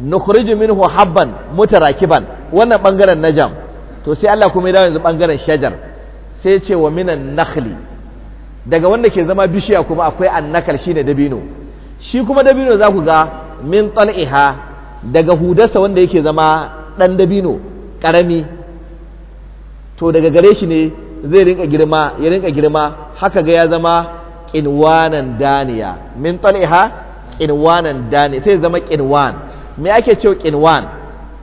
nukhrij minhu habban mutarakiban wannan bangaren najam to sai Allah kuma ya dawo yanzu bangaren shajar sai ya ce wa minan nakhli daga wanda ke zama bishiya kuma akwai annakal shine dabino shi kuma dabino za ku ga min tal'iha daga hudarsa wanda yake zama ɗan dabino ƙarami to daga gare shi ne zai rinka girma ya rinka girma haka ga ya zama ƙinwanan daniya min tal'iha ƙinwanan daniya sai zama ƙinwan me ake cewa ƙinwan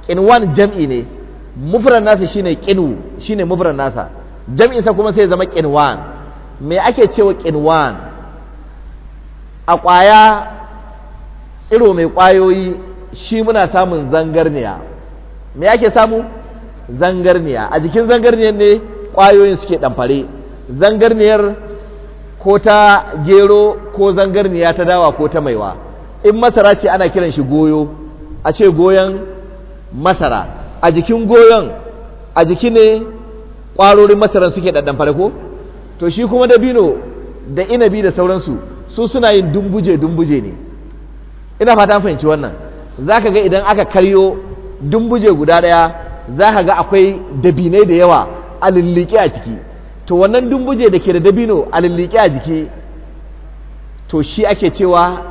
ƙinwan jam'i ne mufran nasa shine ƙinu shine mufran nasa jam'insa kuma sai zama ƙinwan me ake cewa ƙinwan a ƙwaya tsiro mai ƙwayoyi shi muna samun zangarniya me ake samu zangarniya a jikin zangarniyar ne ƙwayoyin suke ɗanfare zangarniyar ko ta gero ko zangarniya ta dawa ko ta maiwa in masara ce ana kiran shi goyo a ce goyon masara a jikin goyon a jiki ne ƙwarorin masaran suke ɗaɗɗamfare ko to shi kuma dabino da inabi da sauransu su suna yin dumbuje dumbuje ne ina fata fahimci wannan za ka ga idan aka karyo dumbuje guda ɗaya za ka ga akwai dabine da yawa a lillike a ciki to wannan dumbuje da ke da dabino a lillike a jiki to shi ake cewa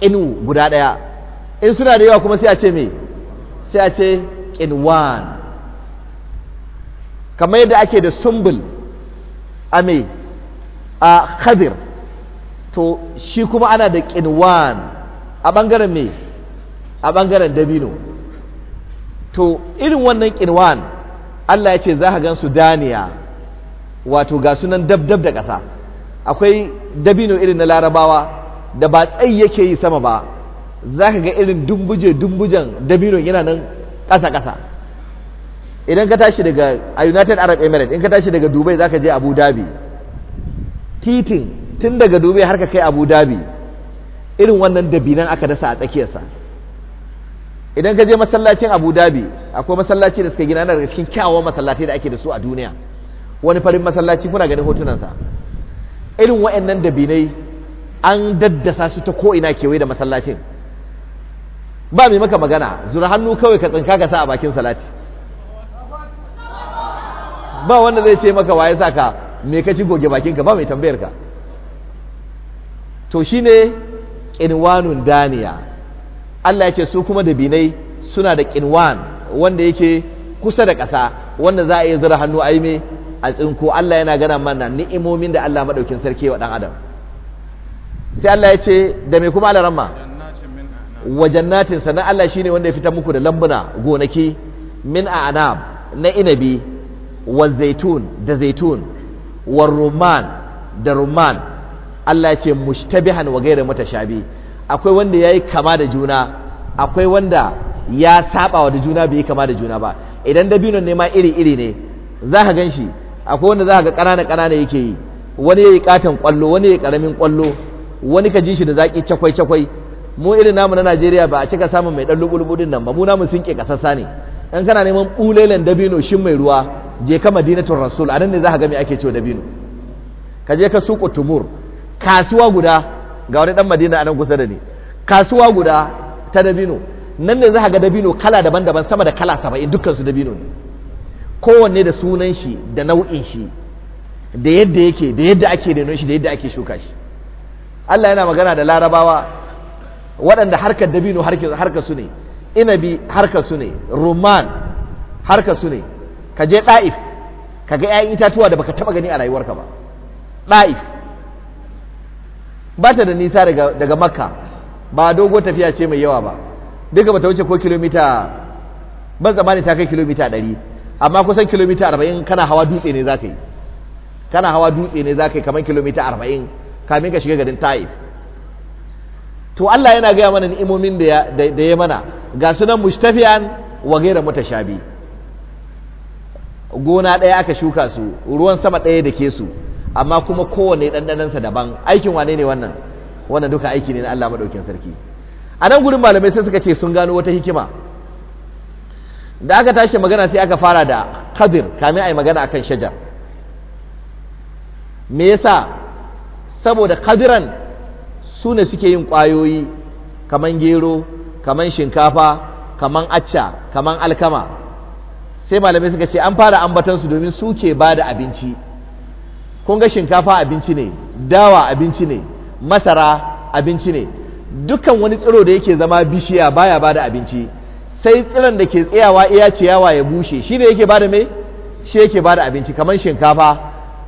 ƙinu guda ɗaya in suna da yawa kuma sai a ce me sai a ce ƙinwan kamar yadda ake da sumbul a me a khadir to shi kuma ana da ƙinwan a ɓangaren me a ɓangaren dabino to irin wannan ƙinwan Allah ya ce za ka gan su daniya wato ga sunan dab da ƙasa akwai dabino irin na larabawa da ba tsayi yake yi sama ba za ka ga irin dumbuje dumbujen dabino yana nan ƙasa-ƙasa idan ka tashi daga a united arab emirates in ka tashi daga dubai za ka je abu dhabi titin tun daga dubai har ka kai abu dhabi irin wannan dabinan aka dasa a tsakiyarsa idan ka je masallacin abu dhabi akwai masallaci da suka gina daga cikin kyawawan masallatai da ake da su a duniya wani farin masallaci kuna ganin hotunansa irin wa'annan dabinai an daddasa su ta ko'ina kewaye da masallacin ba mai maka magana zura hannu kawai ka tsinka ka sa a bakin salati ba wanda zai ce maka waye sa ka me ka ci goge bakinka ba mai tambayar ka to shi ne ƙinwanun daniya Allah ya ce su kuma dabinai suna da ƙinwan wanda yake kusa da ƙasa wanda za a iya zura hannu a yi me a tsinko Allah yana gana mana ni'imomin da Allah maɗaukin sarki wa ɗan adam sai Allah ya ce da mai kuma alaramma Wajen natin sannan Allah shi ne wanda ya fitar muku da lambuna gonaki min ana na inabi wa zaitun da zaitun wa rumman da rumman Allah ce mushtabihan wa ghayra mutashabi akwai wanda yayi kama da juna akwai wanda ya saba wa da juna bai kama da juna ba idan dabinon ne ma iri iri ne za ka ganshi akwai wanda za ka ga ƙanana ƙanana yake yi wani yayi katon kwallo wani yayi karamin kwallo wani ka ji shi da zaki cakwai cakwai mu irin namu na Najeriya ba a cika samun mai dan lubulubudin nan ba mu namu sun ke kasassa ne dan kana neman bulelen dabino shin mai ruwa je ka Madinatul Rasul anan ne za ka ga me ake cewa dabino ka je ka suku tumur kasuwa guda ga wani dan madina a nan kusa da ni kasuwa guda ta dabino nan ne za ka ga dabino kala daban-daban sama da kala saba'in dukkansu dabino ne kowanne da sunan shi da nau'in shi da yadda yake da yadda ake renon shi da yadda ake shuka shi Allah yana magana da larabawa waɗanda harkar dabino harkar su ne inabi harkar su ne rumman harkar su ne ka je ɗa'if ka ga 'ya'yan itatuwa da baka taɓa gani a rayuwarka ba ɗa'if ba ta da nisa daga makka ba dogo tafiya ce mai yawa ba duka ba ta wuce ko kilomita ban zamani ta kai kilomita ɗari amma kusan kilomita arba'in kana hawa dutse ne za ka yi kana hawa dutse ne za ka yi kamar kilomita arba'in kamin ka shiga garin taif to Allah yana gaya mana ni'imomin da ya mana ga sunan mustafiyan wa gaira mutashabi gona ɗaya aka shuka su ruwan sama ɗaya da ke su amma kuma kowane ɗanɗanansa daban aikin wane ne wannan wannan duka aiki ne na Allah maɗaukin sarki a nan gurin malamai sai suka ce sun gano wata hikima da aka tashi magana sai aka fara da kabir kamin a yi magana akan shajar me yasa saboda kabiran su ne suke yin ƙwayoyi kaman gero kaman shinkafa kaman acca kaman alkama sai malamai suka ce an fara ambatansu domin su ke ba da abinci kun ga shinkafa abinci ne dawa abinci ne masara abinci ne dukkan wani tsiro da yake zama bishiya baya bada abinci sai tsiron da ke tsayawa iya ciyawa ya bushe shi ne yake bada mai shi yake bada abinci kamar shinkafa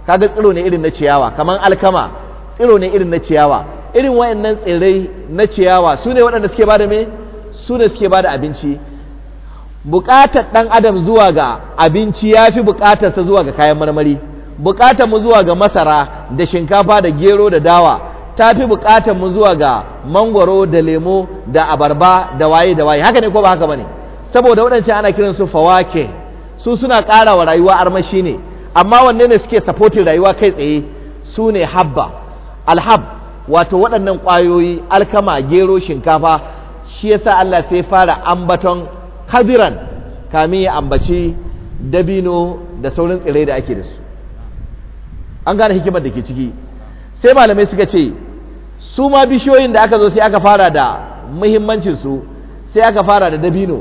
kaga tsiro ne irin na ciyawa kamar alkama tsiro ne irin na ciyawa irin wayannan tsirrai na ciyawa su ne waɗanda suke bada mai su ne suke bada abinci buƙatar ɗan adam zuwa ga abinci ya fi sa zuwa ga kayan marmari bukatar mu zuwa ga masara da shinkafa da gero da dawa ta fi bukatar mu zuwa ga mangwaro da lemo da abarba da waye da waye haka ne ko ba haka bane saboda waɗancan ana kiran su fawake su suna ƙara wa rayuwa armashi ne amma wanne ne suke supporting rayuwa kai tsaye su ne habba alhab wato waɗannan ƙwayoyi alkama gero shinkafa shi yasa Allah sai fara ambaton kadiran kamin ya ambaci dabino da saurin tsirai da ake da su an gane hikimar da ke ciki sai malamai suka ce su ma bishiyoyin da aka zo sai aka fara da su sai aka fara da dabino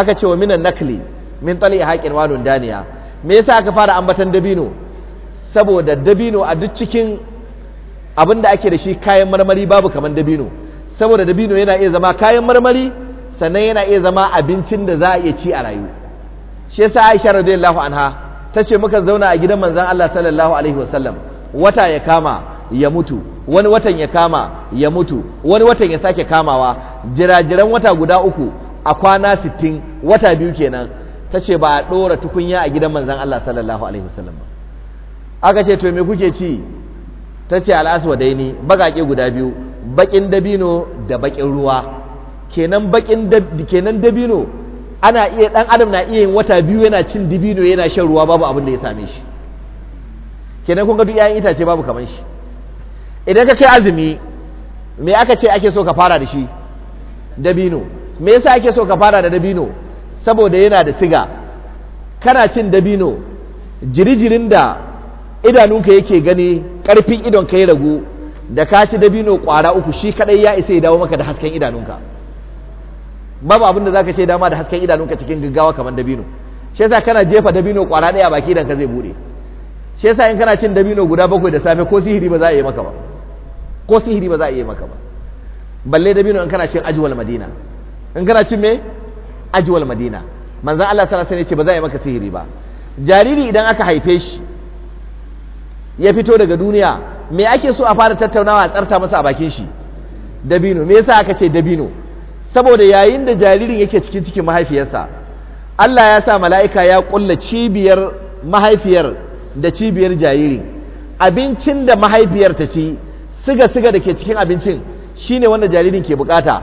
aka ce wa minan nakli min tsali a haƙin daniya me yasa aka fara ambatan dabino saboda dabino a duk cikin abin da ake da shi kayan marmari babu kamar dabino saboda dabino yana iya zama kayan marmari sannan yana iya zama abincin da za a iya ci a rayu shi yasa aisha radiyallahu anha ta ce muka zauna a gidan manzan Allah sallallahu alaihi wasallam wata ya kama ya mutu wani watan ya kama ya mutu wani watan ya sake kamawa jirajiran wata guda uku a kwana sittin wata biyu kenan ta ce ba a ɗora tukunya a gidan manzan Allah sallallahu alaihi wasallam ba aka ce to me kuke ci ta ce al'aswa daini baƙaƙe guda biyu baƙin dabino da baƙin ruwa kenan dabino ana iya dan adam na iya yin wata biyu yana cin dibino yana shan ruwa babu abin da ya same shi kenan kun ga duk ƴaƴan itace babu kaman shi idan ka kai azumi me aka ce ake so ka fara da shi dabino me yasa ake so ka fara da dabino saboda yana da siga kana cin dabino jirijirin da idanunka yake gani karfin idonka ya ragu da ka ci dabino kwara uku shi kadai ya isa ya dawo maka da hasken idanunka babu abin da zaka ce dama da hasken idanunka cikin gaggawa kamar dabino shi yasa kana jefa dabino kwara daya baki idan ka zai bude shi yasa in kana cin dabino guda bakwai da safe ko sihiri ba za a yi maka ba ko sihiri ba za a yi maka ba balle dabino in kana cin ajwal madina in kana cin me ajwal madina manzan Allah sallallahu alaihi wasallam ya ce ba za a yi maka sihiri ba jariri idan aka haife shi ya fito daga duniya me ake so a fara tattaunawa a tsarta masa a bakin shi dabino me yasa aka ce dabino saboda yayin da jaririn yake cikin cikin mahaifiyarsa Allah ya sa mala'ika ya ƙulla cibiyar mahaifiyar da cibiyar jariri abincin da mahaifiyar ta ci siga-siga da ke cikin abincin shi ne wanda jaririn ke bukata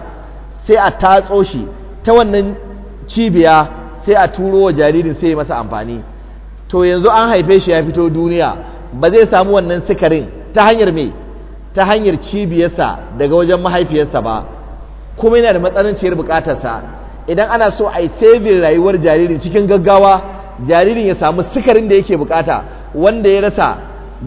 sai a tatso shi ta wannan cibiya sai a turo wa jaririn sai masa amfani to yanzu an haife shi ya fito duniya ba zai samu wannan sikarin ta hanyar me ta hanyar cibiyarsa daga wajen mahaifiyarsa ba kuma yana da matsananciyar bukatarsa idan ana so a yi saving rayuwar jaririn cikin gaggawa jaririn ya samu sikarin da yake bukata wanda ya rasa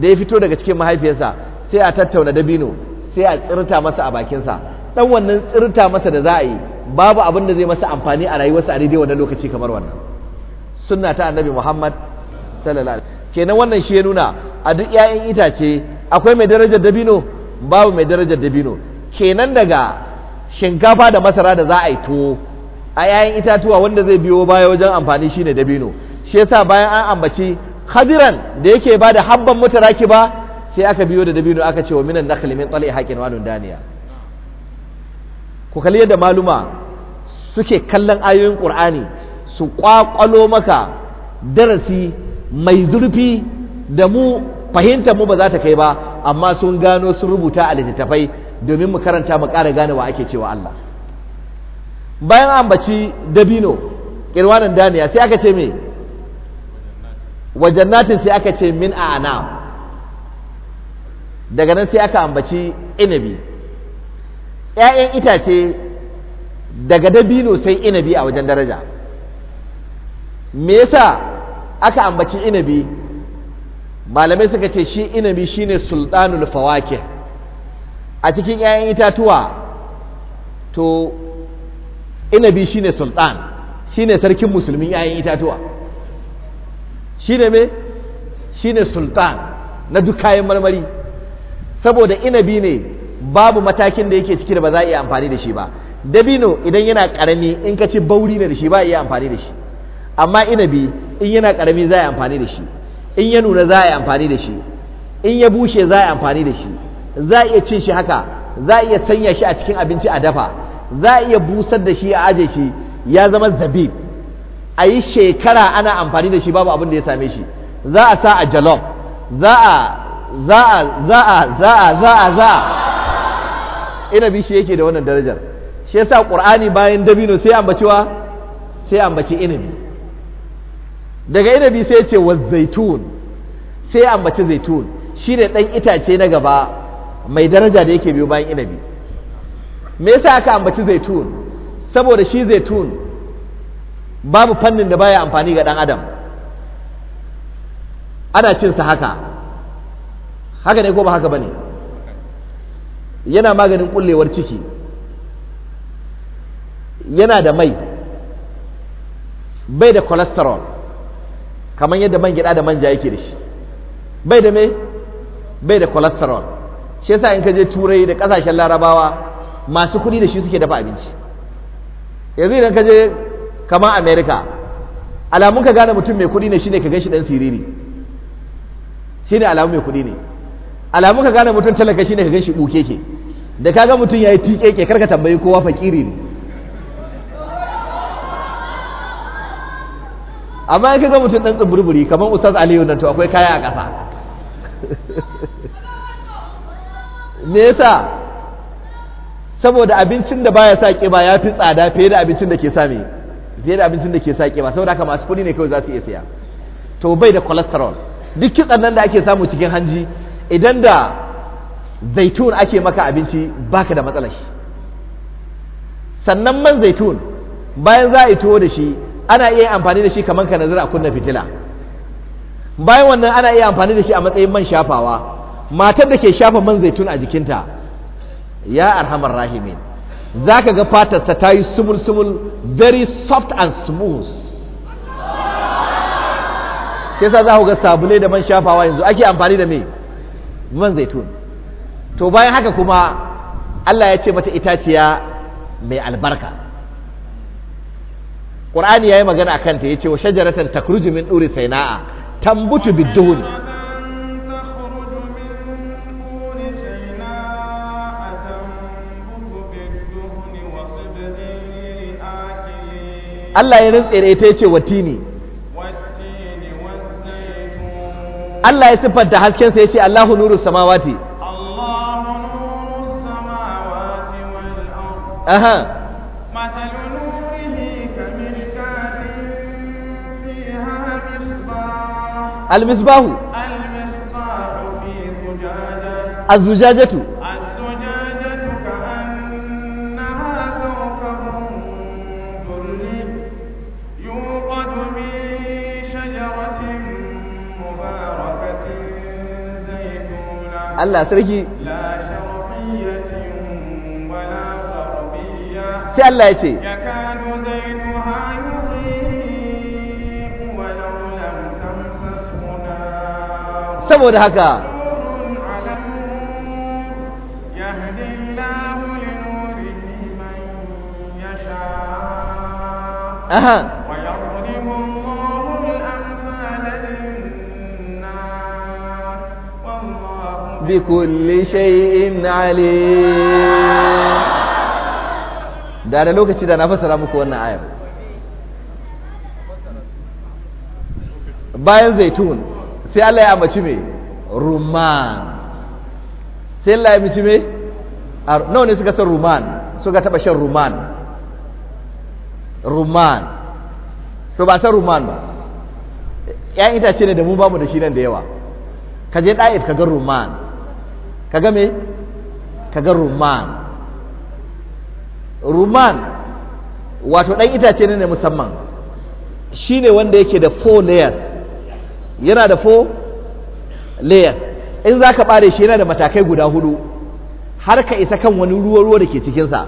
da ya fito daga cikin mahaifiyarsa sai a tattauna dabino sai a tsirta masa a bakinsa dan wannan tsirta masa da za a yi babu abin da zai masa amfani a rayuwarsa a daidai wannan lokaci kamar wannan sunna ta annabi muhammad sallallahu alaihi kenan wannan shi ya nuna a duk 'ya'yan itace akwai mai darajar dabino babu mai darajar dabino kenan daga shinkafa da masara da za a yi tuwo a yayin itatuwa wanda zai biyo baya wajen amfani shine dabino shi yasa bayan an ambaci khadiran da yake ba da habban mutaraki ba sai aka biyo da dabino aka ce wa minan nakhli min tal'i haqin wa daniya ku kalli yadda maluma suke kallon ayoyin qur'ani su kwakwalo maka darasi mai zurfi da mu fahimtar mu ba za ta kai ba amma sun gano sun rubuta a littattafai domin mu karanta mu ƙara gane wa ake cewa Allah bayan ambaci dabino kirwanin daniya sai aka ce me wajannatin sai aka ce min a ana daga nan sai aka ambaci inabi ‘ya'yan itace daga dabino sai inabi a wajen daraja me yasa aka ambaci inabi malamai suka ce shi inabi shine sultanul fawakih a cikin 'ya'yan itatuwa to inabi shine sultan shine sarkin musulmin 'ya'yan itatuwa shine me shine sultan na duk kayan marmari saboda inabi ne babu matakin da yake ciki da ba za a iya amfani da shi ba dabino idan yana karami in ka ci bauri ne da shi ba a iya amfani da shi amma inabi in yana karami za a yi amfani da shi in ya nuna za a yi amfani da shi in ya bushe za a yi amfani da shi za a iya cin shi haka za a iya sanya shi a cikin abinci a dafa za a iya busar da shi a aje shi ya zama zabib a yi shekara ana amfani da shi babu abin da ya same shi za a sa a jalof za a za a za a za a za a za a inabi shi yake da wannan darajar shi yasa qur'ani bayan dabino sai ambacewa sai ambaci inabi daga inabi sai ce wa zaitun sai ambaci zaitun shine ɗan itace na gaba mai daraja da yake biyo bayan inabi me yasa aka ambaci zaitun saboda shi zaitun babu fannin da baya amfani ga dan adam ana cin sa haka haka ne ko ba haka bane yana maganin kullewar ciki yana da mai bai da cholesterol kamar yadda man gida da manja yake da shi bai da mai bai da cholesterol shi yasa in ka je turai da kasashen larabawa masu kuɗi da shi suke dafa abinci yanzu idan ka je kamar america alamun ka gane mutum mai kuɗi ne shine ka gan shi dan siriri shine alamun mai kuɗi ne alamun ka gane mutum talaka shine ka gan shi bukeke da kaga mutum yayi tikeke karka tambayi kowa fakiri ne amma in ga mutum dan tsuburburi kamar ustaz aliyu nan to akwai kaya a ƙasa *laughs* me yasa saboda abincin da baya sa kiba ya fi tsada fiye da abincin da ke sa fiye da abincin da ke sa kiba saboda haka masu kuɗi ne kawai za su iya siya to bai da cholesterol duk kitsan nan da ake samu cikin hanji idan da zaitun ake maka abinci baka da matsalar shi sannan man zaitun bayan za a yi tuwo da shi ana iya amfani da shi kamar ka a kunna fitila bayan wannan ana iya amfani da shi a matsayin man shafawa matar da ke shafa man zaitun a jikinta ya arhamar rahimin za ka ga fatar ta yi sumul-sumul very soft and smooth sai sa za ku ga sabulai da man shafawa yanzu ake amfani da man zaitun to bayan haka kuma Allah ya ce mata itaciya mai albarka ƙur'ani ya yi magana a kanta ya ce wa shajaratan takruju min ɗuri saina'a tambutu bidduni Allah ya rantse da ita yace watini Allah ya siffanta hasken sa yace Allahu nuru samawati Allahu nuru samawati wal ard aha مثل نوره كمشكاة فيها Allah sarki sai Allah ya ce saboda haka Aha. بكل شيء عليم da da lokaci da na fassara muku wannan ayar bayan zaitun sai Allah ya ambaci me ruman sai Allah ya ambaci me nawa ne suka san ruman suka taba shan ruman ruman so ba san ruman ba ‘yan itace ne da mu bamu da shi nan da yawa ka je ɗa'if ka ga ruman kaga me kaga rumman rumman wato ɗan itace ne musamman shi ne wanda yake da four layers yana da four layers in za ka ɓare shi yana da matakai guda hudu har ka isa kan wani ruwa-ruwa da ke cikinsa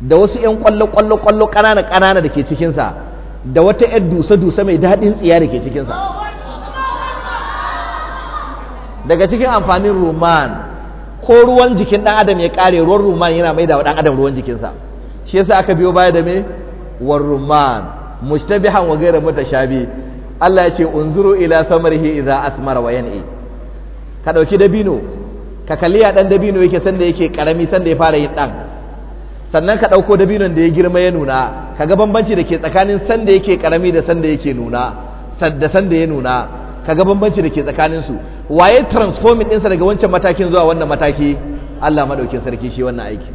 da wasu 'yan kwallo-kwallo-kwallo ƙanana-ƙanana da ke cikinsa da wata 'yan dusa-dusa mai daɗin tsiya da ke cikinsa daga cikin amfanin ruman ko ruwan jikin ɗan adam ya kare ruwan ruman yana mai da ɗan adam ruwan jikinsa shi yasa aka biyo baya da me war ruman mushtabihan wa ghayra mutashabi Allah ya ce unzuru ila samarihi idza asmara wa yan'i ka dauki dabino ka kalli ya dan dabino yake sanda yake karami sanda ya fara yin dan sannan ka dauko dabinon da ya girma ya nuna kaga bambanci da ke tsakanin sanda yake karami da sanda yake nuna da sanda ya nuna kaga bambanci da ke tsakanin su waye transforming ɗinsa daga wancan matakin zuwa wannan mataki Allah maɗaukin sarki shi wannan aiki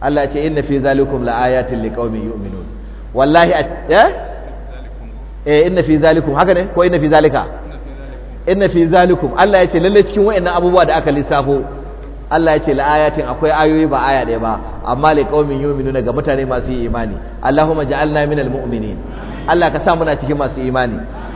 Allah ce inna fi zalikum laayatin yi yu'minun wallahi eh eh inna fi zalikum haka ne ko inna fi zalika inna fi zalikum Allah ya ce lalle cikin wayannan abubuwa da aka lissafo Allah ya ce la'ayatin akwai ayoyi ba aya ɗaya ba amma yi yu'minun ga mutane masu imani Allahumma ja'alna minal mu'minin Allah ka sa muna cikin masu imani